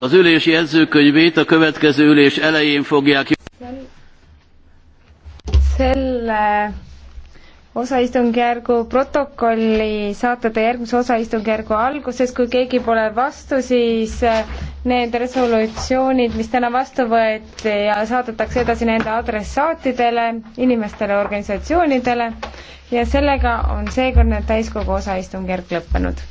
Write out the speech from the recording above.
Az ülés jegyzőkönyvét a következő ülés elején fogják... Selle osaistungjärgu protokolli saata te järgmise osaistungjärgu alguses, kui keegi pole vastu, siis äh, need resolutsioonid, mis täna vastu võeti ja saadetakse edasi nende adressaatidele, inimestele, organisatsioonidele ja sellega on seekordne täiskogu osaistungjärk lõppenud